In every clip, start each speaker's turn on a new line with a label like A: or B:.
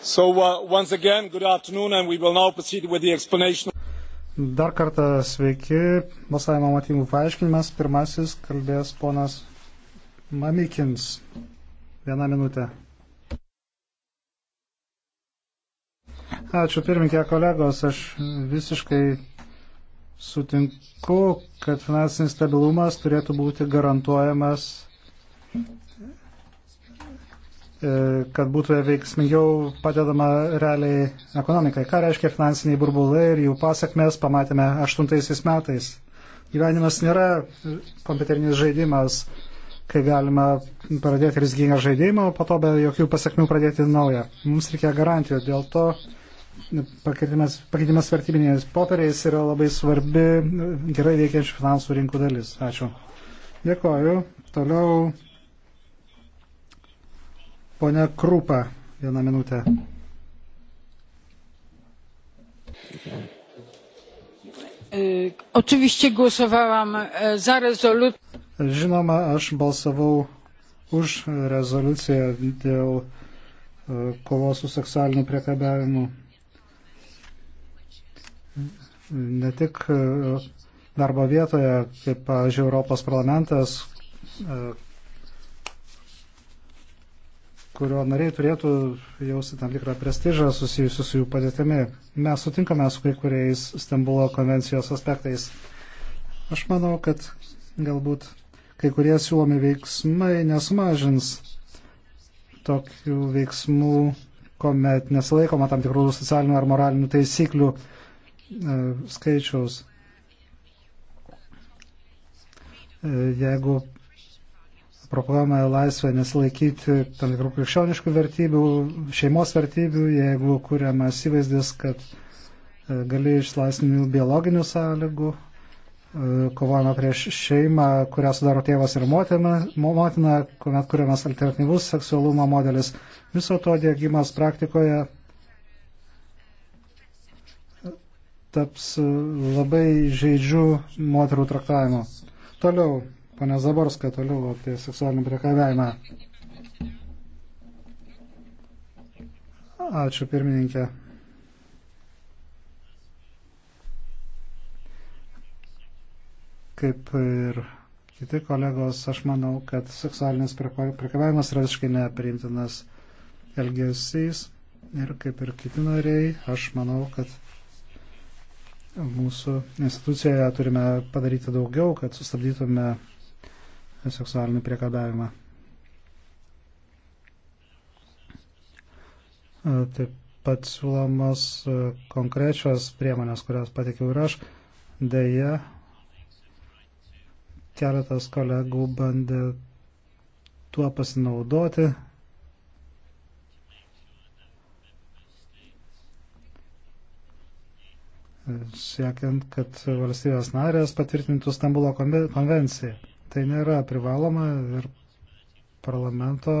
A: So, uh, once again, good afternoon, and we will now proceed with the explanation. Dar kartą sveiki, balsavimo motyvų paaiškinimas. Pirmasis kalbės ponas Mamikins. Vieną minutę. Ačiū pirmininkė kolegos, aš visiškai sutinku, kad finansinis stabilumas turėtų būti garantuojamas E, kad būtų veiksmingiau padedama realiai ekonomikai. Ką reiškia finansiniai burbulai ir jų pasakmes pamatėme aštuntaisiais metais. Gyvenimas nėra kompiuterinis žaidimas, kai galima pradėti rizgingą žaidimą, o po to be jokių pasiekmių pradėti naują. Mums reikia garantijų, dėl to pakeitimas, pakeitimas vertybiniais popieriais yra labai svarbi gerai veikiančių finansų rinkų dalis. Ačiū. Dėkoju. Toliau Pone Krupa, vieną minutę.
B: E, oczywiście głosowałam e, za rezolucją.
A: Žinoma, aš balsavau už rezoliuciją dėl e, kovos su seksualiniu priekabiavimu. Ne tik darbo vietoje, kaip, pavyzdžiui, Europos parlamentas kurio nariai turėtų jausti tam tikrą prestižą susijusiu su jų padėtimi. Mes sutinkame su kai kuriais Stambulo konvencijos aspektais. Aš manau, kad galbūt kai kurie siūlomi veiksmai nesumažins tokių veiksmų, kuomet nesilaikoma tam tikrų socialinių ar moralinių taisyklių e, skaičiaus. E, jeigu propaguojamąją laisvę nesilaikyti tam tikrų krikščioniškų vertybių, šeimos vertybių, jeigu kuriamas įvaizdis, kad e, gali išlaisvinti biologinių sąlygų, e, kovojama prieš šeimą, kurią sudaro tėvas ir motina, motina kuomet kuriamas alternatyvus seksualumo modelis. Viso to dėgymas praktikoje e, taps labai žaidžių moterų traktavimu. Toliau, Pane Zaborska toliau apie seksualinį priekabiavimą. Ačiū pirmininkė. Kaip ir kiti kolegos, aš manau, kad seksualinis priekabiavimas yra visiškai nepriimtinas elgesys. Ir kaip ir kiti nariai, aš manau, kad mūsų institucijoje turime padaryti daugiau, kad sustabdytume seksualinį priekabiavimą. E, taip pat siūlomos e, konkrečios priemonės, kurias patikiau ir aš. Deja, keletas kolegų bandė tuo pasinaudoti. siekiant, kad valstybės narės patvirtintų Stambulo konvenciją. Tai nėra privaloma ir parlamento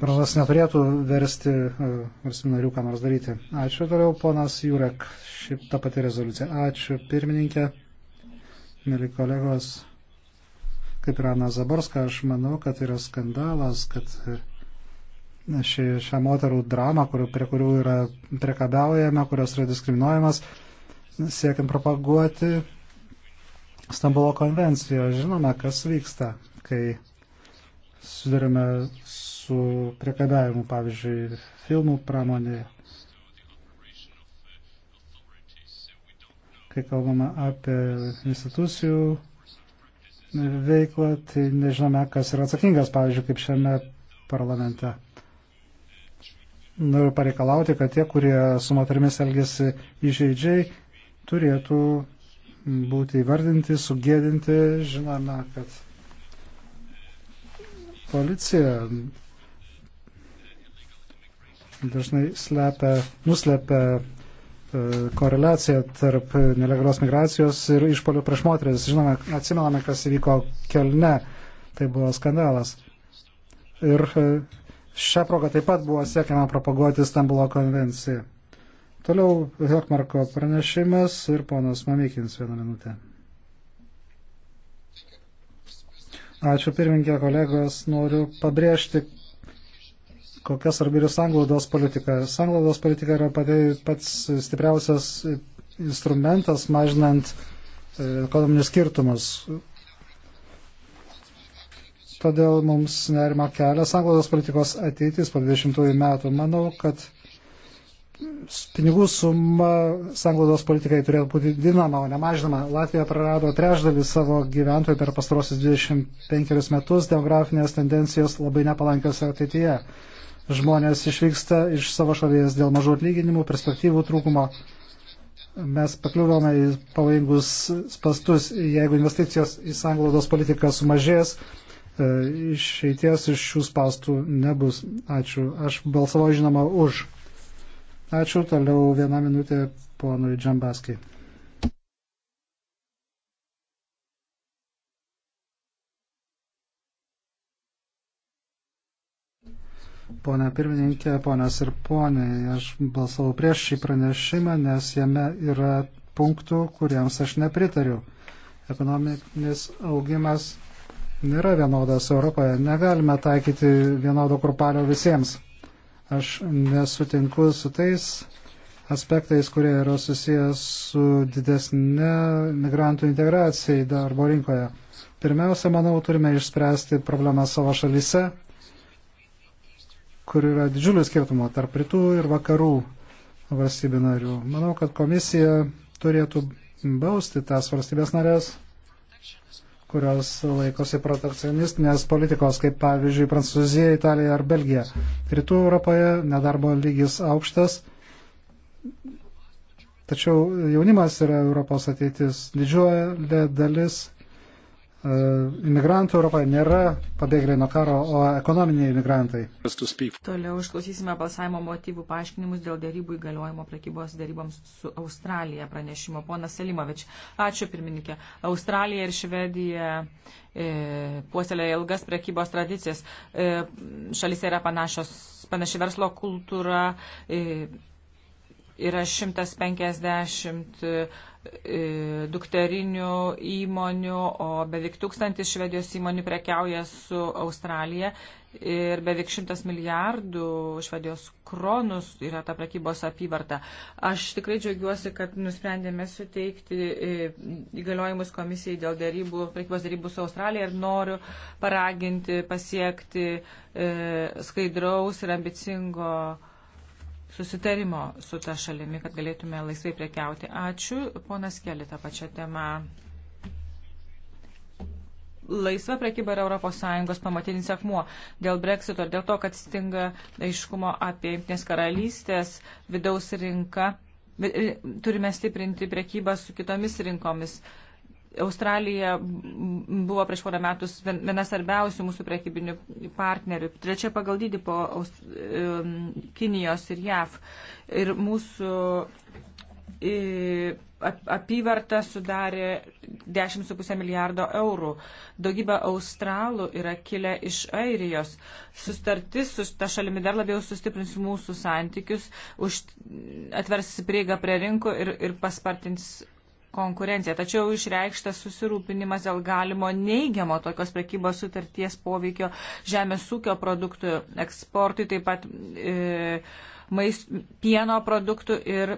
A: Pranas neturėtų versti e, valstybių narių, ką nors daryti. Ačiū toliau, ponas Jurek, šitą patį rezoliuciją. Ačiū, pirmininkė, mėly kolegos. Kaip ir Ana Zaborska, aš manau, kad yra skandalas, kad e, ši, šią moterų dramą, kur, prie kurių yra priekabiaujama, kurios yra diskriminuojamas, siekiant propaguoti Stambulo konvenciją. Žinome, kas vyksta, kai sudarėme su priekabėjimu, pavyzdžiui, filmų pramonėje. Kai kalbame apie institucijų veiklą, tai nežinome, kas yra atsakingas, pavyzdžiui, kaip šiame parlamente. Noriu pareikalauti, kad tie, kurie su moterimis elgesi įžeidžiai, turėtų būti įvardinti, sugėdinti. Žinome, kad policija dažnai slepia, nuslepia e, koreliacija tarp nelegalios migracijos ir išpolių prieš moteris. Žinome, atsimename, kas įvyko kelne. Tai buvo skandalas. Ir e, šią progą taip pat buvo siekiama propaguoti Stambulo konvenciją. Toliau Hekmarko pranešimas ir ponas Mamikins vieną minutę. Ačiū pirmininkė kolegos, noriu pabrėžti, kokia svarbi yra sanglaudos politika. Sanglaudos politika yra pats stipriausias instrumentas mažinant e, ekonominius skirtumus. Todėl mums nerima kelia sanglaudos politikos ateitis po 20 metų. Manau, kad pinigų suma sanglaudos politikai turėtų būti didinama, o ne mažinama. Latvija prarado trečdalį savo gyventojų per pastarosius 25 metus, demografinės tendencijos labai nepalankios ateityje. Žmonės išvyksta iš savo šalies dėl mažų atlyginimų, perspektyvų trūkumo. Mes pakliuvome į pavojingus spastus, jeigu investicijos į sanglaudos politiką sumažės, e, išeities iš šių spaustų nebus. Ačiū. Aš balsavau žinoma už. Ačiū. Toliau vieną minutę ponui Džambaskai. Pone pirmininkė, ponas ir ponai, aš balsavau prieš šį pranešimą, nes jame yra punktų, kuriems aš nepritariu. Ekonominis augimas nėra vienodas Europoje. Negalime taikyti vienodo kurpalio visiems. Aš nesutinku su tais aspektais, kurie yra susijęs su didesnė migrantų integracija į darbo rinkoje. Pirmiausia, manau, turime išspręsti problemą savo šalyse, kur yra didžiulių skirtumų tarp rytų ir vakarų valstybių narių. Manau, kad komisija turėtų bausti tas valstybės narės kurios laikosi protekcionistinės politikos, kaip pavyzdžiui Prancūzija, Italija ar Belgija. Rytų Europoje nedarbo lygis aukštas, tačiau jaunimas yra Europos ateitis. Didžioji dalis E, imigrantų Europoje nėra pabėgėliai nuo karo, o ekonominiai imigrantai. Toliau
B: išklausysime balsavimo motyvų paaiškinimus dėl dėrybų įgaliojimo prekybos dėryboms su Australija pranešimo. Ponas Selimovič, ačiū pirmininkė. Australija ir Švedija e, puoselėja ilgas prekybos tradicijas. E, šalis yra panašios, panaši verslo kultūra. E, yra 150 e, e, dukterinių įmonių, o beveik tūkstantis švedijos įmonių prekiauja su Australija ir beveik šimtas milijardų švedijos kronus yra ta prekybos apyvarta. Aš tikrai džiaugiuosi, kad nusprendėme suteikti e, įgaliojimus komisijai dėl darybų, prekybos darybų su Australija ir noriu paraginti pasiekti skaidraus ir ambicingo susitarimo su ta šalimi, kad galėtume laisvai prekiauti. Ačiū, ponas Keli, tą pačią temą. Laisva prekyba yra ES pamatinis akmuo. Dėl breksito ir dėl to, kad stinga aiškumo apie Junktinės karalystės vidaus rinką, turime stiprinti prekybą su kitomis rinkomis. Uh, Australija buvo prieš porą metų viena svarbiausių mūsų prekybinių partnerių, trečia pagal dydį po Kinijos ir JAV. Ir mūsų apyvarta sudarė 10,5 milijardo eurų. Daugybė australų yra kilę iš Airijos. Sustartis su ta šalimi dar labiau sustiprins mūsų santykius, už, atvers prieigą prie rinkų ir, ir paspartins konkurenciją, tačiau išreikštas susirūpinimas dėl galimo neigiamo tokios prekybos sutarties poveikio žemės ūkio produktų eksportui, taip pat e, mais, pieno produktų ir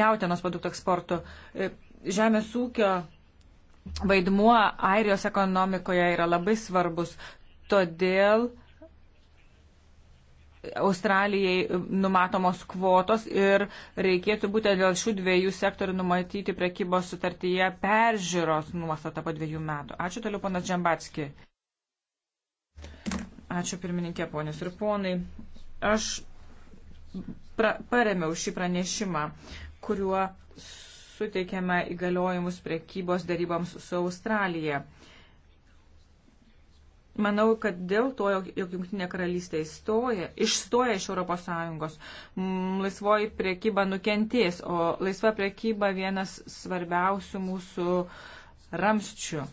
B: jautienos produktų eksportų. E, žemės ūkio vaidmuo Airijos ekonomikoje yra labai svarbus, todėl Australijai numatomos kvotos ir reikėtų būtent dėl šių dviejų sektorių numatyti prekybos sutartyje peržiūros nuostatą po dviejų metų. Ačiū toliau, panas Džambatski. Ačiū pirmininkė, ponius ir ponai. Aš pra, paremiau šį pranešimą, kuriuo suteikiame įgaliojimus prekybos daryboms su Australija. Uh, Manau, kad dėl to, jog Junktinė karalystė įstoja, išstoja iš ES, laisvoji priekyba nukentės, o laisva priekyba vienas svarbiausių mūsų ramščių.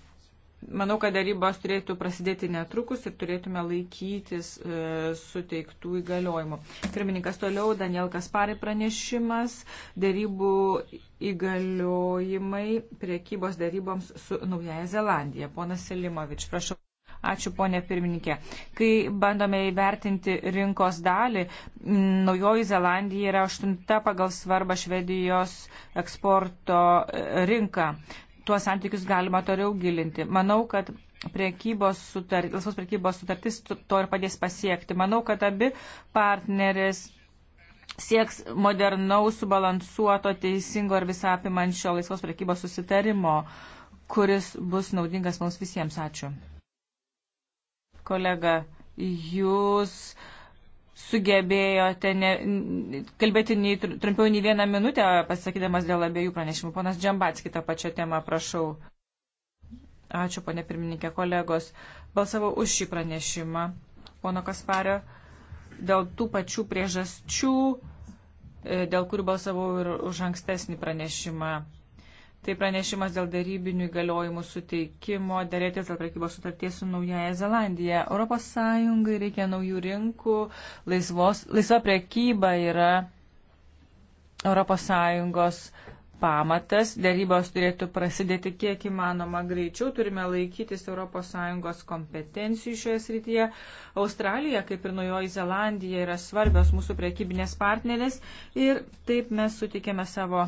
B: Manau, kad darybos turėtų prasidėti netrukus ir turėtume laikytis e, suteiktų įgaliojimų. Pirmininkas toliau, Daniel Kaspari pranešimas, darybų įgaliojimai priekybos daryboms su Naujaja Zelandija. Ponas Selimovič, prašau. Ačiū, ponė pirmininkė. Kai bandome įvertinti rinkos dalį, Naujoji Zelandija yra aštunta pagal svarbą Švedijos eksporto e, rinką. Tuos santykius galima toliau gilinti. Manau, kad priekybos sutartis, laisvos priekybos sutartis to ir padės pasiekti. Manau, kad abi partnerės sieks modernaus, subalansuoto, teisingo ir visapimančio laisvos priekybos susitarimo, kuris bus naudingas mums visiems. Ačiū kolega, jūs sugebėjote ne, kalbėti nei, trumpiau nei vieną minutę, pasakydamas dėl abiejų pranešimų. Ponas Džambatski tą pačią temą, prašau. Ačiū, ponė pirmininkė, kolegos. Balsavau už šį pranešimą, pono Kaspario, dėl tų pačių priežasčių, e, dėl kurių balsavau ir už ankstesnį pranešimą. Tai pranešimas dėl darybinių įgaliojimų suteikimo, dėrėtis dėl prekybos sutarties su Naujaja Zelandija. ES reikia naujų rinkų, laisvos, laisva prekyba yra ES pamatas, dėrybos turėtų prasidėti kiek įmanoma greičiau, turime laikytis ES kompetencijų šioje srityje. Australija, kaip ir Naujoji Zelandija, yra svarbios mūsų priekybinės partnerės ir taip mes sutikėme savo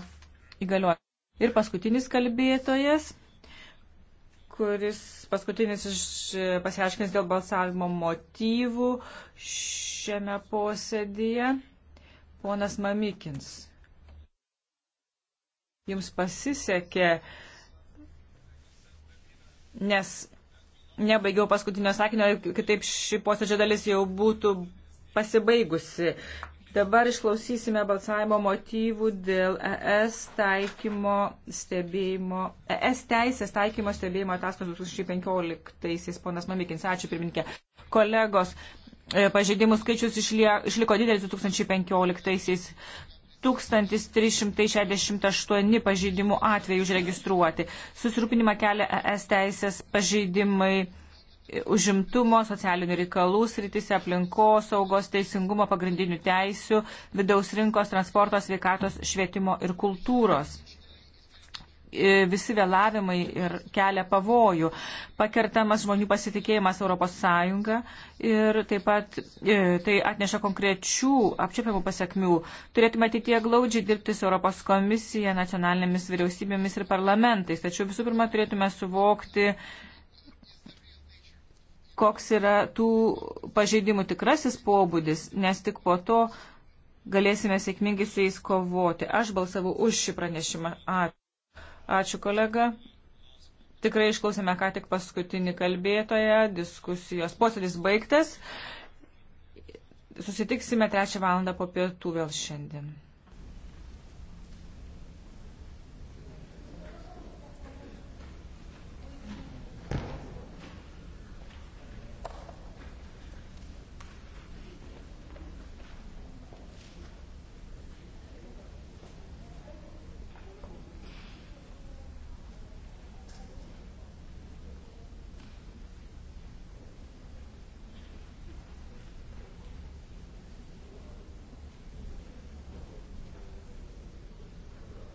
B: įgaliojimą. Ir paskutinis kalbėtojas, kuris paskutinis iš, pasiaiškins dėl balsavimo motyvų šiame posėdėje, ponas Mamikins. Jums pasisekė, nes nebaigiau paskutinio sakinio, kitaip ši posėdžio dalis jau būtų pasibaigusi. Dabar išklausysime balsavimo motyvų dėl ES, taikymo, stebėjimo, ES teisės taikymo stebėjimo ataskaitos 2015-aisiais. Ponas Mamikins, ačiū pirmininkė. Kolegos, e, pažeidimų skaičius išlie, išliko didelis 2015-aisiais. 1368 pažeidimų atvejų užregistruoti. Susirūpinimą kelia ES teisės pažeidimai užimtumo, socialinių reikalų sritise, aplinkos, saugos, teisingumo, pagrindinių teisių, vidaus rinkos, transporto, sveikatos, švietimo ir kultūros. E, visi vėlavimai ir kelia pavojų. Pakertamas žmonių pasitikėjimas ES ir taip pat e, tai atneša konkrečių apčiopiamų pasiekmių. Turėtume ateitie glaudžiai dirbti su ES komisija, nacionalinėmis vyriausybėmis ir parlamentais. Tačiau visų pirma turėtume suvokti, koks yra tų pažeidimų tikrasis pobūdis, nes tik po to galėsime sėkmingai su jais kovoti. Aš balsavau už šį pranešimą. Ačiū, Ačiū kolega. Tikrai išklausėme ką tik paskutinį kalbėtoją, diskusijos posėdis baigtas. Susitiksime trečią valandą po pietų vėl šiandien.